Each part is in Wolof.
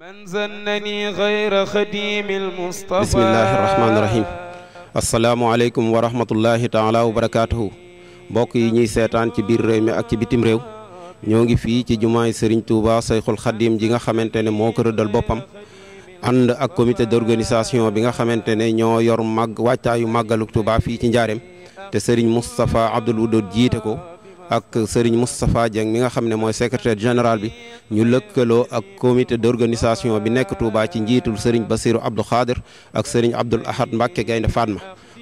من زنني غير خديم المصطفى بسم الله الرحمن الرحيم السلام عليكم ورحمة الله تعالى وبركاته بوكي ني سيتان تي بير ريم اك تي بيتم ريو نيوغي في تي جمعه سيرن توبا شيخ الخديم جيغا خامتاني موك ردل بوبام اند اك كوميتي دورغانيزاسيون بيغا خامتاني ньо يور ماغ واتايو ماغالو توبا في تي نجارم تي سيرن مصطفى عبد الودود جيتكو ak Serigne mustapha jang mi nga xamne moy secrétaire général bi ñu lekkelo ak comité d'organisation bi nek Touba ci njitul Serigne Bassirou Abdou Khadir ak Serigne Abdoul Ahad Mbacké gayna Fatma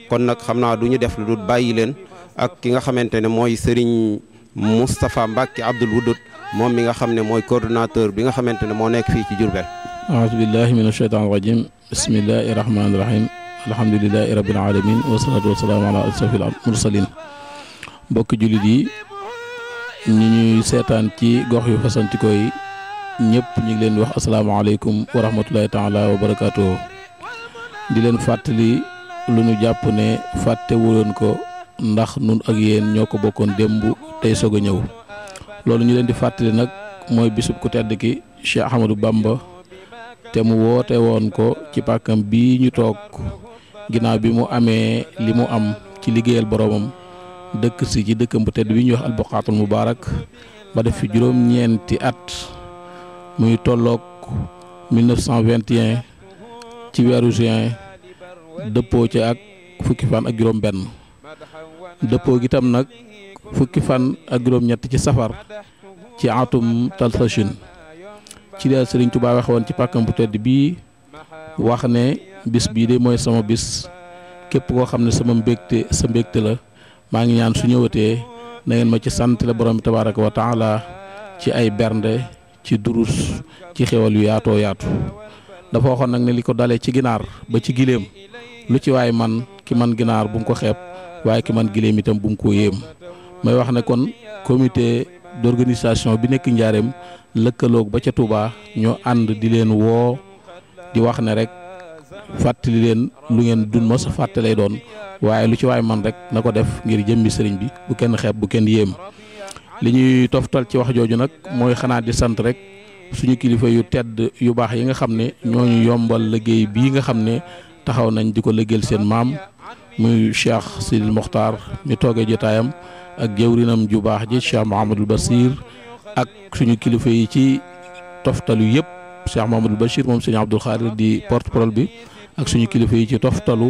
kon nak xamna duñu def lu dut bàyyi leen ak ki nga xamantene moy Serigne mustapha Mbacké Abdoul Wudud mom mi nga xamne moy coordinateur bi nga xamantene mo nek fi ci Diourbel a'udhu billahi minash shaitanir rajim bismillahir rahmanir rahim alhamdulilahi rabbil alamin wasalaatu wasalaamu ala ashrafil mursalin mbokki jullit yi ni ñuy seetaan ci gox yu fasantikoo yi ñëpp ñu ngi leen di wax asalaamaaleykum wa rahmatulahi taala wa barakaatuhu di leen fàttali lu ñu jàpp ne fàtte wuloon ko ndax nun ak yéen ñoo ko bokkoon démb tey soog a ñëw loolu ñu leen di fàttali nag mooy bisub ku tedd ki Cheikh Ahmadou Bamba te mu woote woon ko ci pàkkam bi ñu toog ginnaaw bi mu amee li mu am ci liggéeyal boroomam dekk si ci dëkkam bu tedd bi ñu wax albuqaatul mubarak ba def fi juroom ñenti at muy tolok 1921 ci wéru juin depo ci ak fukki fan ak juroom ben depo gi tam nak fukki fan ak juroom ñett ci safar ci atum talsachin ci la serigne touba waxe ci pakam bu tedd bi wax ne bis bi de moy sama bis kep ko xamne sama mbekté sa mbekté la. maa ngi ñaan su ñëwatee na ma ci sant la borom bi tabaaraka wa taala ci ay bernde ci durus ci xewal yu yaatoo yaatu dafa waxoon nag ne li ko dalee ci ginaar ba ci giléem lu ci waaye man ki man ginaar bu mu ko xeeb waaye ki man giléem itam bu mu ko yéem may wax ne kon comité d'organisation bi nekk njaareem lëkkaloog ba ca Touba ñoo ànd di leen woo di wax ne rek fàttali leen lu ngeen dun mos a fàtte lay doon waaye lu ci waay man rek na ko def ngir jëmbi sëriñ bi bu kenn xeeb bu kenn yéem li ñuy toftal ci wax jooju nag mooy xanaa di sant rek suñu kilifa yu tedd yu baax yi nga xam ne ñoo ñooñu yombal liggéey bii nga xam ne taxaw nañ di ko liggéeyal seen maam muy Cheikh Sidil Mokhtar mi toogee jotaayam ak jëwrinam ju baax ji Cheikh Mouhamadul Basir ak suñu kilifa yi ci toftalu yëpp. Cheikh Mamadou Bachir moom sëñ Abdoul Khadir di porte parole bi ak suñu kilifa yi ci toftalu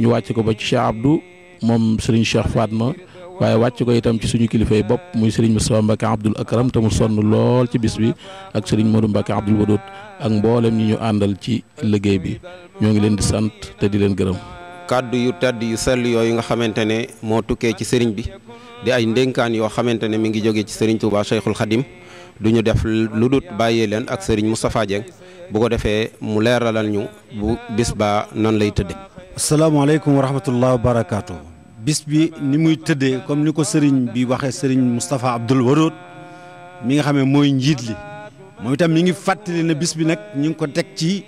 ñu wàcc ko ba ci Cheikh Abdou moom sëriñ Cheikh ma waaye wàcc ko itam ci suñu kilifa yi bopp muy sëriñ Moustapha Mbacke Abdoul Akram te mu sonn lool ci bis bi ak sëriñ Modou Mbacke Abdoul Wadoud ak mboolem ñi ñu àndal ci liggéey bi ñoo ngi leen di sant te di leen gërëm. kàddu yu tedd yu sell yooyu nga xamante ne moo tukkee ci sëriñ bi di ay ndénkaan yoo xamante ne mi ngi jógee ci sëriñ Touba Cheikhul Khadim duñu def luddut baye len ak serigne mustapha Dieng bu ko defé mu leralal ñu bu bisba nan lay assalamu alaykum wa rahmatullahi wa barakatuh bis bi ni muy tëddee comme niko serigne bi waxe serigne mustapha abdul Wadoud mi nga xamé moy mooy njiit li moom itam mi ngi fatali ne bis bi nak ñu ko tek ci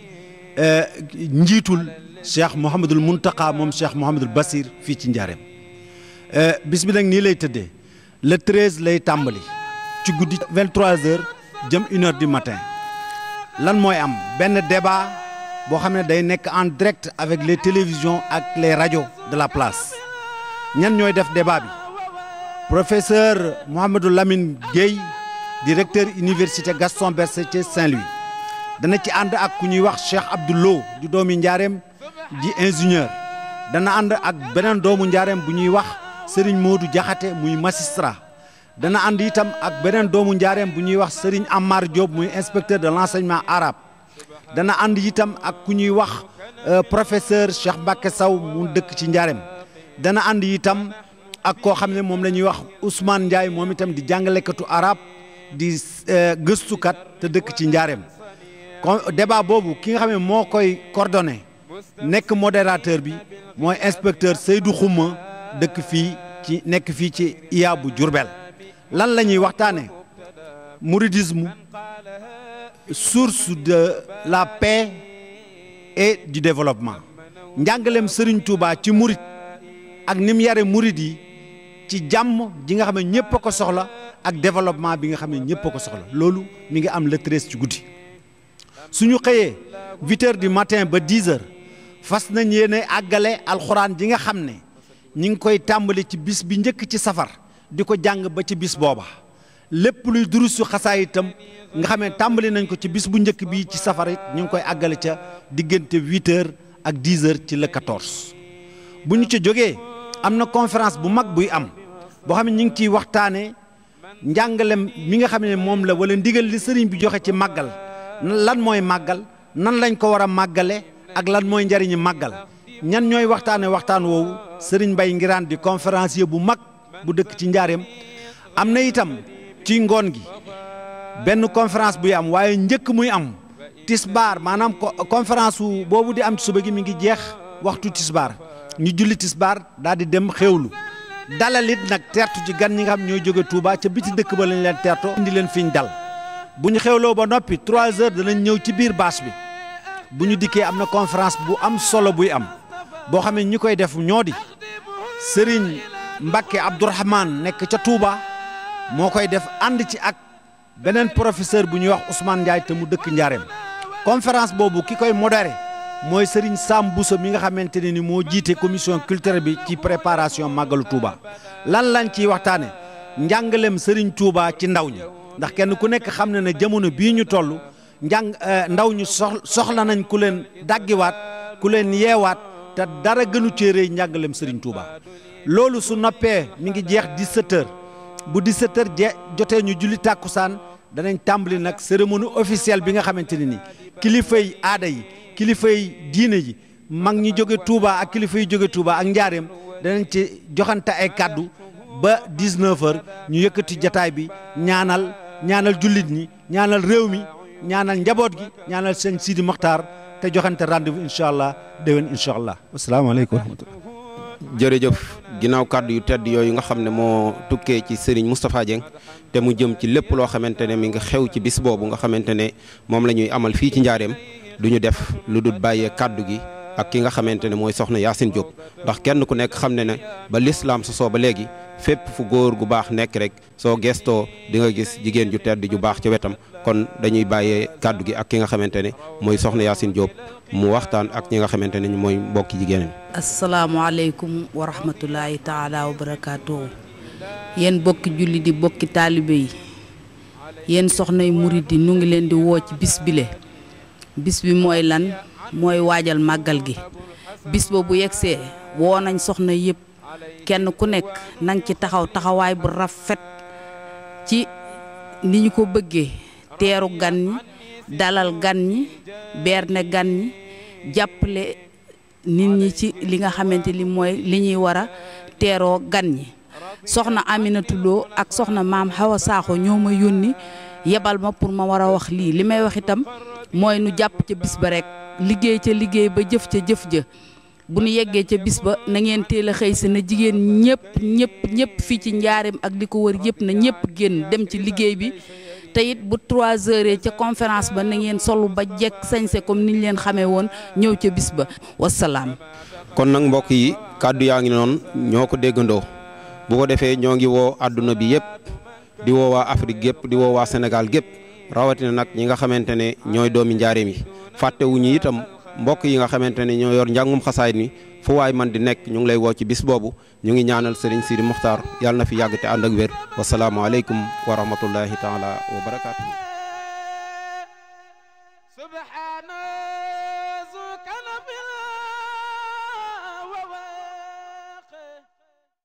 euh njitul cheikh Mouhamadul Mountakha mom cheikh Mouhamadul Basir fi ci ndiarem euh bis bi nak ni lay tëddee le 13 lay tàmbali. ci 23h jëm 1h du matin lan moy am Ben débat bo xamné day en direct avec les télévisions ak les radios de la place ñan ñoy def débat bi professeur mohamedou Lamine gay directeur université Gaston Berger Saint-Louis dana ci and ak ku ñuy wax Cheikh Abdou Lo di doomi di ingénieur dana and ak benen doomu ndiarem bu ñuy wax Serigne Modou Diakhaté muy magistrat dana ànd itam ak beneen doomu njaareem bu ñuy wax Serigne Amar Diop muy inspecteur de l'enseignement arabe dana ànd itam ak ku ñuy wax euh, professeur Cheikh Mbacke saw mu dëkk ci njaareem dana indi itam ak koo xam ne moom la ñuy wax Ousmane Ndiaye moom itam di jàngalekatu arabe di euh, gëstukat te dëkk ci njaareem kon débat boobu ki nga xam ne moo koy coordonné nekk modérateur bi mooy inspecteur Seydou Xuma dëkk fii ci nekk fii ci IA jurbel lan la ñuy waxtaane mouridisme source de la paix et du développement njàngaleem Serigne Touba ci murid ak ni mu yare murid yi ci jàmm ji nga xam ne ñëpp ko soxla ak développement bi nga ko soxla mi am le treize ci guddi suñu xëyee huit heures du matin ba dix heures fas nañ yéene àggale alxuraan ji nga koy ci bis bi njëkk ci safar di ko jàng ba ci bis booba lépp luy durusu xasaay itam nga xam ne tàmbali nañ ko ci bis bu njëkk bi ci safara it ñu ngi koy àggale ca diggante huit heures ak dix heures ci le quatorze. bu ñu ca jógee am na conférence bu mag buy am boo xam ne ñu ngi ciy waxtaanee njàngalem mi nga xam ne moom la wala ndigal li sëriñ bi joxe ci màggal lan mooy màggal nan lañ ko war a màggale ak lan mooy njariñu màggal ñan ñooy waxtaanee waxtaan woowu sëriñ Mbay Ngiraan di conférencier bu mag. bu dëkk ci njaareem am na itam ci ngoon gi benn conférence buy am waaye njëkk muy am tisbaar maanaam conférence wu boobu di am suba gi mi ngi jeex waxtu tisbaar ñu julli tisbaar daal di dem xéewlu dalalit nag tertu ci gan ñi nga xam ñooy jóge Touba ca biti dëkk ba lañ leen terto indi leen fiñ dal bu ñu xewloo ba noppi trois heures danañ ñëw ci biir bâche bi bu ñu dikkee am na conférence bu am solo buy am boo xamee ñi koy def ñoo di sëriñ Mbakke Abdourahman nekk ca Touba moo koy def ànd ci ak beneen professeur bu ñuy wax Ousmane Ndiaye te mu dëkk Njaareem conférence boobu ki koy modéré mooy Serigne Sam Bousso mi nga xamante ne ni moo jiite commission culturelle bi ci préparation màggalu Touba lan lañ ciy waxtaane njàngaleem Serigne Touba ci ndaw ñi ndax kenn ku nekk xam na ne jamono bii ñu toll njàng euh, ndaw ñu sox soxla nañ ku leen daggiwaat ku leen yeewaat te dara gënu cee rëy njàngaleem Serigne loolu su noppee mi ngi jeex 17h bu 17h je jotee ñu julli tàkkusaan danañ tàmbali nag cérémonie officielle bi nga xamante ne ni kilifa aada yi kilifa yi diine ji mag ñi jóge Touba ak kilifa yi jóge Touba ak njaareem danañ ci joxante ay kàddu ba 19h ñu yëkkati jataay bi ñaanal ñaanal jullit ñi ñaanal réew mi ñaanal njaboot gi ñaanal seen Sidi Mokhtar te joxante rendez-vous incha allah déwén incha allah. asalaamaaleykum wa jërëjëf. ginnaaw kàddu yu tedd yooyu nga xam ne moo tukkee ci Serigne Moustapha te mu jëm ci lépp loo xamante ne mi nga xew ci bis boobu nga xamante ne moom la ñuy amal fii ci njaareem du ñu def lu du bàyyee kàddu gi ak ki nga xamantene ne soxna yassine Diop ndax kenn ku nek xamne ne ba l'islam so so ba legi fépp fu góor gu bax nek rek so gesto di nga gis jigen ju tedd ju bax ci wetam kon dañuy baye kaddu gi ak ki nga xamantene ne soxna yassine Diop mu waxtan ak ñi nga xamantene ne mbokk jigen assalamu alaykum wa rahmatullahi taala wa barakatuh yen mbokk julli di mbokk talibe yi yen soxnay murid yi ngi len di wo ci bis bile bis bi moy lan mooy waajal màggal gi bis ba bu yegsee woo nañ soxna yëpp kenn ku nekk nang ci taxaw taxawaay bu rafet ci ni ñu ko bëggee teeru gan ñi dalal gan ñi berne gan ñi jàppale nit ñi ci li nga xamante li mooy li ñuy war a teeroo gan ñi soxna Aminata Lo ak soxna maam Hawa Sakho ñoo ma yónni yebal ma pour ma war wax lii li may wax itam mooy nu jàpp ca bis ba rek liggéey ca liggéey ba jëf ca jëf ja bu nu yeggee ca bis ba na ngeen teel a xëy si na jigéen ñëpp ñëpp ñëpp fii ci njaareem ak li ko wër yëpp na ñëpp génn dem ci liggéey bi te it bu trois heures ca conférence ba na ngeen solu ba jekk sañse comme niñ leen xamee woon ñëw ca bis ba wasalaam. kon nag mbokk yi kàddu yaa ngi noonu ñoo ko déggandoo bu ko defee ñoo ngi woo àdduna bi yëpp di woowaa waa Afrique yëpp di woowaa waa Sénégal gépp rawatina nag ñi nga xamante ne ñooy doomi njaareem yi fàttewuñu itam mbokk yi nga xamante ne ñoo yor njàngum xasaayit mi fu waay man di nekk ñu ngi lay woo ci bis boobu ñu ngi ñaanal si Sidi Muxtaar yàlla na fi yàgg te ànd ak wér wasalaamualeykum wa rahmatullahi taala wa barakaatu.